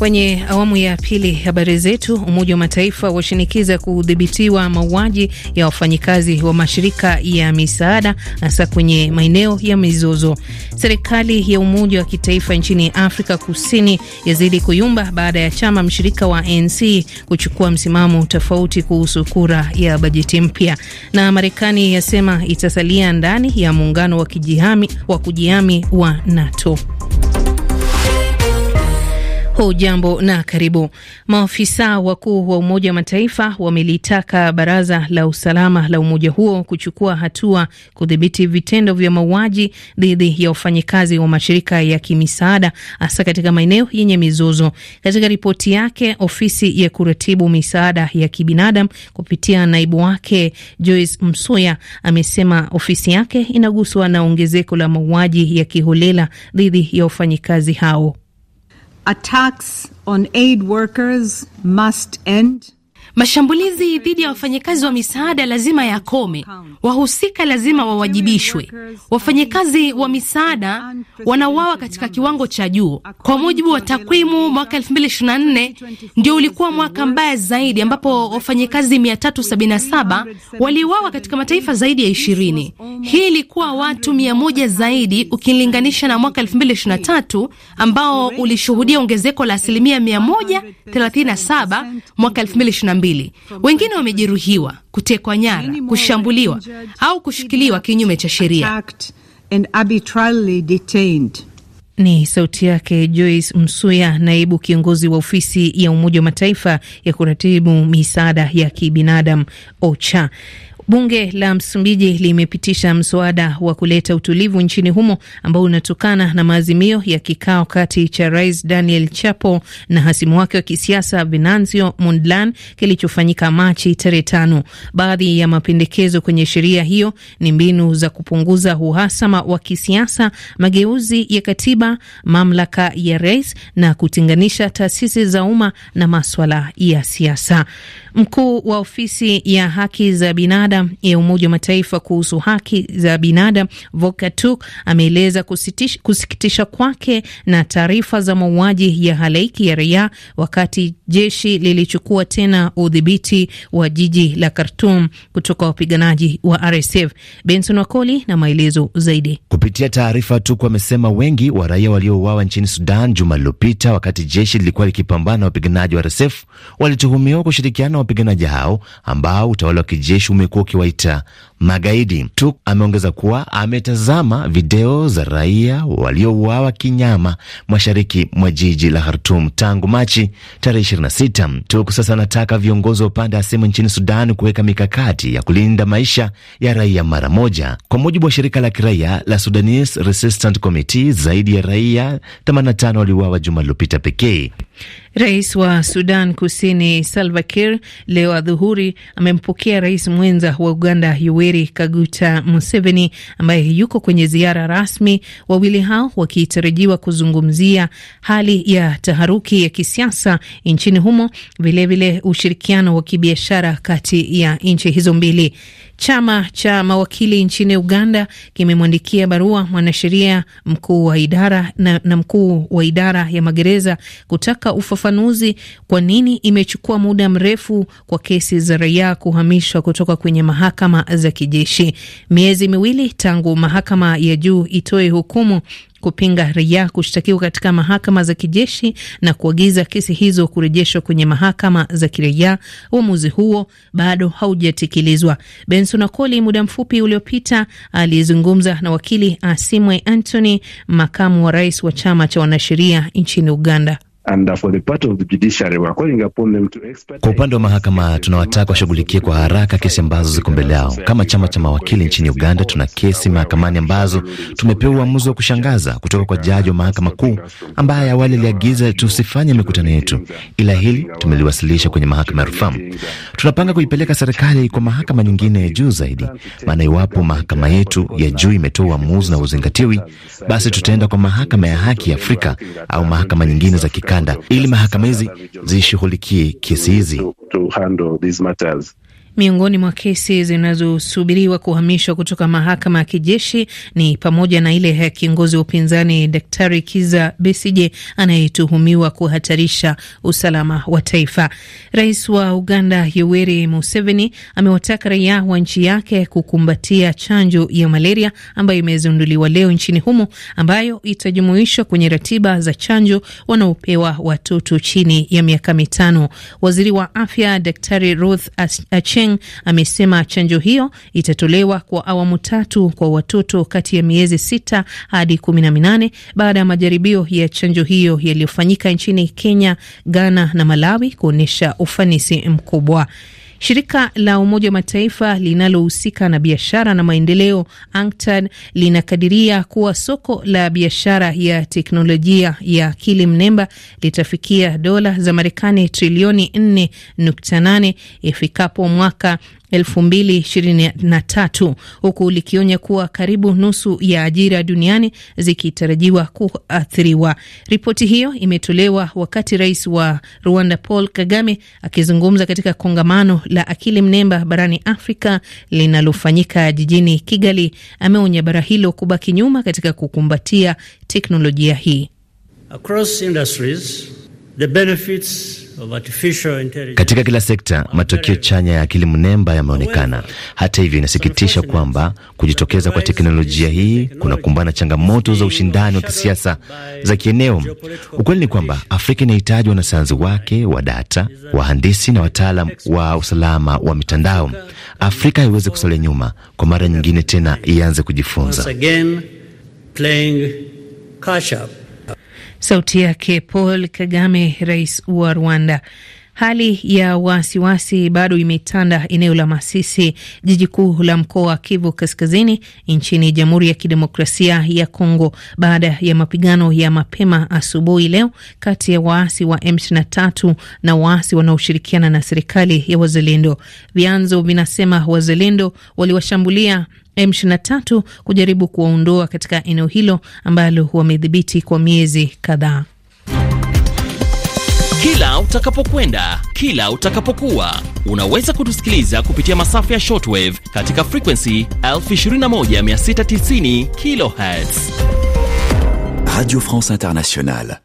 Kwenye awamu ya pili habari zetu, Umoja wa Mataifa washinikiza kudhibitiwa mauaji ya wafanyikazi wa mashirika ya misaada hasa kwenye maeneo ya mizozo. Serikali ya umoja wa kitaifa nchini Afrika Kusini yazidi kuyumba baada ya chama mshirika wa ANC kuchukua msimamo tofauti kuhusu kura ya bajeti mpya, na Marekani yasema itasalia ndani ya muungano wa kujihami wa NATO. Hujambo na karibu. Maafisa wakuu wa Umoja wa Mataifa wamelitaka Baraza la Usalama la umoja huo kuchukua hatua kudhibiti vitendo vya mauaji dhidi ya wafanyikazi wa mashirika ya kimisaada hasa katika maeneo yenye mizozo. Katika ripoti yake, ofisi ya kuratibu misaada ya kibinadamu kupitia naibu wake Joyce Msuya amesema ofisi yake inaguswa na ongezeko la mauaji ya kiholela dhidi ya wafanyikazi hao. Attacks on aid workers must end. Mashambulizi dhidi ya wafanyakazi wa misaada lazima yakome. Wahusika lazima wawajibishwe. Wafanyakazi wa misaada wanauawa katika kiwango cha juu. Kwa mujibu wa takwimu, mwaka 2024 ndio ulikuwa mwaka mbaya zaidi, ambapo wafanyakazi 377 waliuawa katika mataifa zaidi ya 20. Hii ilikuwa watu 100 zaidi ukilinganisha na mwaka 2023 ambao ulishuhudia ongezeko la asilimia 137 mwaka 2022 mbili. Wengine wamejeruhiwa, kutekwa nyara, kushambuliwa au kushikiliwa kinyume cha sheria. Ni sauti yake Joyce Msuya, naibu kiongozi wa ofisi ya Umoja wa Mataifa ya kuratibu misaada ya kibinadamu OCHA. Bunge la Msumbiji limepitisha mswada wa kuleta utulivu nchini humo ambao unatokana na maazimio ya kikao kati cha Rais Daniel Chapo na hasimu wake wa kisiasa Venancio Mondlane kilichofanyika Machi tarehe tano. Baadhi ya mapendekezo kwenye sheria hiyo ni mbinu za kupunguza uhasama wa kisiasa, mageuzi ya katiba, mamlaka ya rais na kutenganisha taasisi za umma na maswala ya siasa. Mkuu wa ofisi ya haki za binadamu ya Umoja wa Mataifa kuhusu haki za binadamu Volker Turk ameeleza kusikitisha kwake na taarifa za mauaji ya halaiki ya raia wakati jeshi lilichukua tena udhibiti wa jiji la Khartoum kutoka wapiganaji wa RSF. Benson Wakoli na maelezo zaidi kupitia taarifa. Turk amesema wengi wa raia waliouawa nchini Sudan juma lililopita wakati jeshi lilikuwa likipambana na wapiganaji wa RSF walituhumiwa kushirikiana wapiganaji hao ambao utawala wa kijeshi umekuwa ukiwaita magaidi. Tuk ameongeza kuwa ametazama video za raia waliouawa kinyama mashariki mwa jiji la Khartum tangu Machi tarehe 26. Tuk sasa anataka viongozi wa upande hasimu nchini Sudan kuweka mikakati ya kulinda maisha ya raia mara moja. Kwa mujibu wa shirika la kiraia la Sudanese Resistance Committee, zaidi ya raia 85 waliuawa juma lililopita pekee. Rais wa Sudan Kusini Salva Kiir leo adhuhuri amempokea rais mwenza wa Uganda Yoweri Kaguta Museveni ambaye yuko kwenye ziara rasmi, wawili hao wakitarajiwa kuzungumzia hali ya taharuki ya kisiasa nchini humo, vilevile ushirikiano wa kibiashara kati ya nchi hizo mbili. Chama cha mawakili nchini Uganda kimemwandikia barua mwanasheria mkuu wa idara na, na mkuu wa idara ya magereza kutaka ufafanuzi kwa nini imechukua muda mrefu kwa kesi za raia kuhamishwa kutoka kwenye mahakama za kijeshi. Miezi miwili tangu mahakama ya juu itoe hukumu kupinga raia kushtakiwa katika mahakama za kijeshi na kuagiza kesi hizo kurejeshwa kwenye mahakama za kiraia. Uamuzi huo bado haujatekelezwa. Benson Akoli muda mfupi uliopita alizungumza na wakili Asimwe Anthony, makamu wa rais wa chama cha wanasheria nchini Uganda. Kwa upande wa mahakama, tunawataka washughulikie kwa haraka kesi ambazo ziko mbele yao. Kama chama cha mawakili nchini Uganda, tuna kesi mahakamani ambazo tumepewa uamuzi wa kushangaza kutoka kwa jaji wa mahakama kuu ambaye awali aliagiza tusifanye mikutano yetu, ila hili tumeliwasilisha kwenye mahakama ya rufaa. Tunapanga kuipeleka serikali kwa mahakama nyingine ya juu zaidi, maana iwapo mahakama yetu ya juu imetoa uamuzi na uzingatiwi, basi tutaenda kwa mahakama ya haki ya Afrika au mahakama nyingine za kikanda, ili mahakama hizi zishughulikie kesi hizi. Miongoni mwa kesi zinazosubiriwa kuhamishwa kutoka mahakama ya kijeshi ni pamoja na ile ya kiongozi wa upinzani Daktari Kiza Besije anayetuhumiwa kuhatarisha usalama wa taifa. Rais wa Uganda Yoweri Museveni amewataka raia wa nchi yake kukumbatia chanjo ya malaria ambayo imezinduliwa leo nchini humo, ambayo itajumuishwa kwenye ratiba za chanjo wanaopewa watoto chini ya miaka mitano. Waziri wa afya Daktari Ruth Cheng amesema chanjo hiyo itatolewa kwa awamu tatu kwa watoto kati ya miezi sita hadi kumi na minane baada ya majaribio ya chanjo hiyo yaliyofanyika nchini Kenya, Ghana na Malawi kuonyesha ufanisi mkubwa. Shirika la Umoja wa Mataifa linalohusika na biashara na maendeleo UNCTAD linakadiria kuwa soko la biashara ya teknolojia ya akili mnemba litafikia dola za Marekani trilioni 4.8 ifikapo mwaka 2023 huku likionya kuwa karibu nusu ya ajira duniani zikitarajiwa kuathiriwa. Ripoti hiyo imetolewa wakati rais wa Rwanda Paul Kagame akizungumza katika kongamano la akili mnemba barani Afrika linalofanyika jijini Kigali. Ameonya bara hilo kubaki nyuma katika kukumbatia teknolojia hii. Across industries, the benefits katika kila sekta, matokeo chanya ya akili mnemba yameonekana. Hata hivyo, inasikitisha kwamba kujitokeza kwa teknolojia hii kunakumbana changamoto za ushindani wa kisiasa za kieneo. Ukweli ni kwamba Afrika inahitaji wanasayansi wake wa data, wahandisi na wataalam wa usalama wa mitandao. Afrika haiwezi kusalia nyuma, kwa mara nyingine tena ianze kujifunza. Sauti yake Paul Kagame, rais wa Rwanda. Hali ya wasiwasi wasi bado imetanda eneo la Masisi, jiji kuu la mkoa wa Kivu Kaskazini nchini Jamhuri ya Kidemokrasia ya Kongo, baada ya mapigano ya mapema asubuhi leo kati ya waasi wa M23 na waasi wanaoshirikiana na serikali ya Wazalendo. Vyanzo vinasema Wazalendo waliwashambulia M23 kujaribu kuwaondoa katika eneo hilo ambalo wamedhibiti kwa miezi kadhaa. Kila utakapokwenda, kila utakapokuwa, unaweza kutusikiliza kupitia masafa ya shortwave katika frequency 21690 kh Radio France Internationale.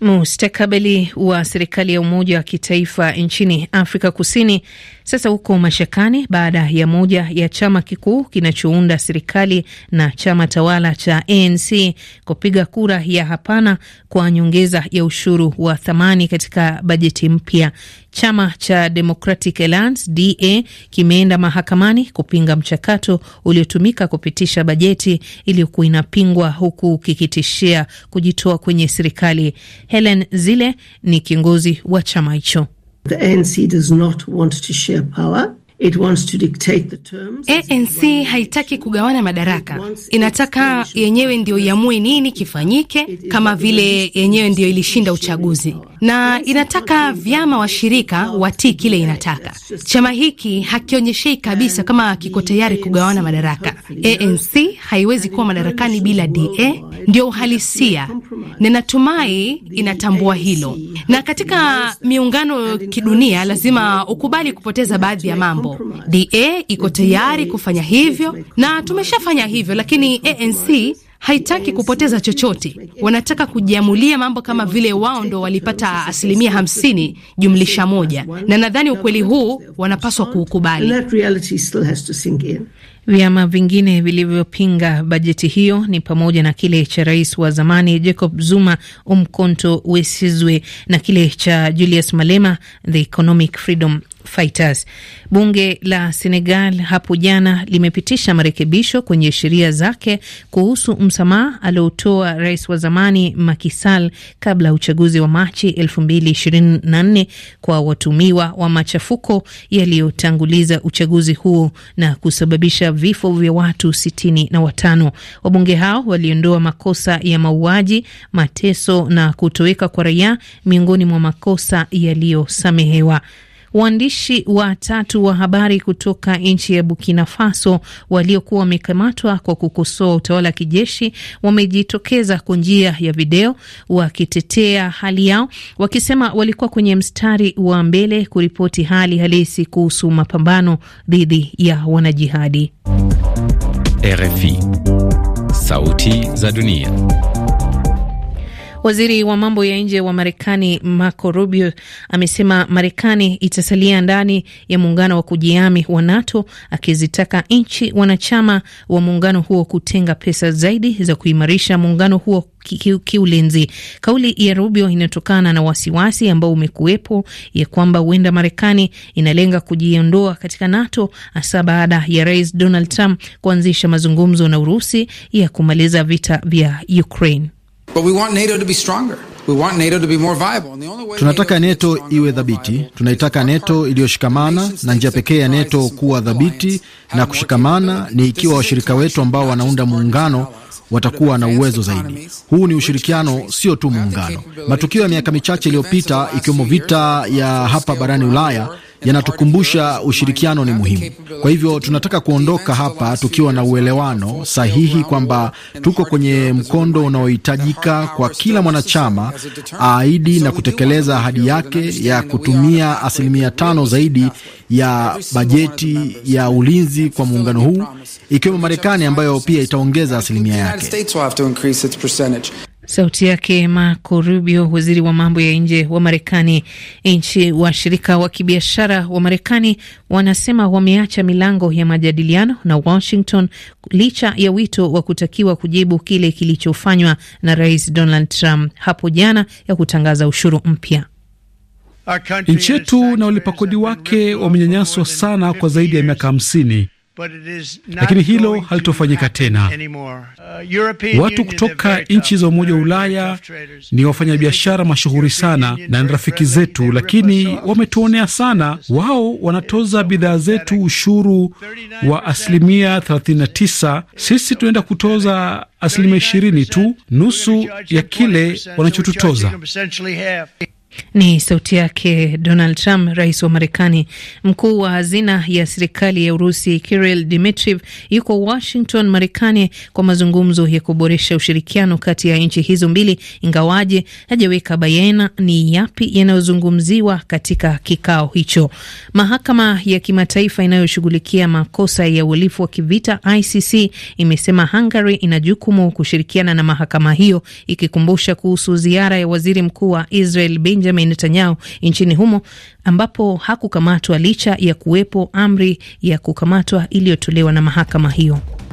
Mustakabali wa serikali ya umoja wa kitaifa nchini Afrika Kusini sasa huko mashakani baada ya moja ya chama kikuu kinachounda serikali na chama tawala cha ANC kupiga kura ya hapana kwa nyongeza ya ushuru wa thamani katika bajeti mpya. Chama cha Democratic Alliance DA kimeenda mahakamani kupinga mchakato uliotumika kupitisha bajeti iliyokuwa inapingwa huku kikitishia kujitoa kwenye serikali. Helen Zille ni kiongozi wa chama hicho. The ANC does not want to share power. ANC haitaki kugawana madaraka, inataka yenyewe ndiyo iamue nini kifanyike, kama vile yenyewe ndiyo ilishinda uchaguzi, na inataka vyama washirika watii kile inataka. Chama hiki hakionyeshei kabisa kama kiko tayari kugawana madaraka. ANC haiwezi kuwa madarakani bila DA, ndio uhalisia, na natumai inatambua hilo. Na katika miungano kidunia, lazima ukubali kupoteza baadhi ya mambo mambo. DA iko tayari kufanya hivyo na tumeshafanya hivyo, lakini ANC haitaki kupoteza chochote. Wanataka kujiamulia mambo kama vile wao ndo walipata asilimia hamsini jumlisha moja, na nadhani ukweli huu wanapaswa kuukubali. Vyama vingine vilivyopinga bajeti hiyo ni pamoja na kile cha rais wa zamani Jacob Zuma, Umkhonto wesizwe na kile cha Julius Malema, the Economic Freedom Fighters. Bunge la Senegal hapo jana limepitisha marekebisho kwenye sheria zake kuhusu msamaha aliotoa rais wa zamani Macky Sall kabla ya uchaguzi wa Machi 2024 kwa watumiwa wa machafuko yaliyotanguliza uchaguzi huo na kusababisha vifo vya watu sitini na watano. Wabunge hao waliondoa makosa ya mauaji, mateso na kutoweka kwa raia miongoni mwa makosa yaliyosamehewa. Waandishi watatu wa habari kutoka nchi ya Burkina Faso waliokuwa wamekamatwa kwa kukosoa utawala wa kijeshi wamejitokeza kwa njia ya video wakitetea hali yao, wakisema walikuwa kwenye mstari wa mbele kuripoti hali halisi kuhusu mapambano dhidi ya wanajihadi. RFI, Sauti za Dunia. Waziri wa mambo ya nje wa Marekani Marco Rubio amesema Marekani itasalia ndani ya muungano wa kujihami wa NATO, akizitaka nchi wanachama wa muungano huo kutenga pesa zaidi za kuimarisha muungano huo kiulinzi. Kauli ya Rubio inatokana na wasiwasi ambao umekuwepo ya kwamba huenda Marekani inalenga kujiondoa katika NATO, hasa baada ya Rais Donald Trump kuanzisha mazungumzo na Urusi ya kumaliza vita vya Ukraine. Tunataka NATO iwe dhabiti, tunaitaka NATO iliyoshikamana, na njia pekee ya NATO kuwa dhabiti na kushikamana ni ikiwa washirika wetu ambao wanaunda muungano watakuwa na uwezo zaidi. Huu ni ushirikiano, sio tu muungano. Matukio ya miaka michache iliyopita, ikiwemo vita ya hapa barani Ulaya yanatukumbusha ushirikiano ni muhimu. Kwa hivyo tunataka kuondoka hapa tukiwa na uelewano sahihi kwamba tuko kwenye mkondo unaohitajika kwa kila mwanachama aahidi na kutekeleza ahadi yake ya kutumia asilimia tano zaidi ya bajeti ya ulinzi kwa muungano huu, ikiwemo Marekani ambayo pia itaongeza asilimia yake. Sauti yake Marco Rubio, waziri wa mambo ya nje wa Marekani. Nchi washirika wa kibiashara wa Marekani wanasema wameacha milango ya majadiliano na Washington licha ya wito wa kutakiwa kujibu kile kilichofanywa na Rais Donald Trump hapo jana ya kutangaza ushuru mpya. Nchi yetu na walipakodi wake wamenyanyaswa sana kwa zaidi ya miaka hamsini lakini hilo halitofanyika tena. Uh, watu kutoka nchi za Umoja wa Ulaya ni wafanyabiashara mashuhuri sana na ni rafiki zetu, lakini wametuonea sana. Wao wanatoza bidhaa zetu ushuru wa asilimia 39, sisi tunaenda kutoza asilimia 20 tu, nusu ya kile wanachotutoza. Ni sauti yake Donald Trump, rais wa Marekani. Mkuu wa hazina ya serikali ya Urusi Kirill Dmitriev yuko Washington, Marekani, kwa mazungumzo ya kuboresha ushirikiano kati ya nchi hizo mbili, ingawaje hajaweka bayana ni yapi yanayozungumziwa katika kikao hicho. Mahakama ya kimataifa inayoshughulikia makosa ya uhalifu wa kivita ICC imesema Hungary ina jukumu kushirikiana na mahakama hiyo, ikikumbusha kuhusu ziara ya waziri mkuu wa Israel Benjamin Benjamin Netanyahu nchini humo ambapo hakukamatwa licha ya kuwepo amri ya kukamatwa iliyotolewa na mahakama hiyo.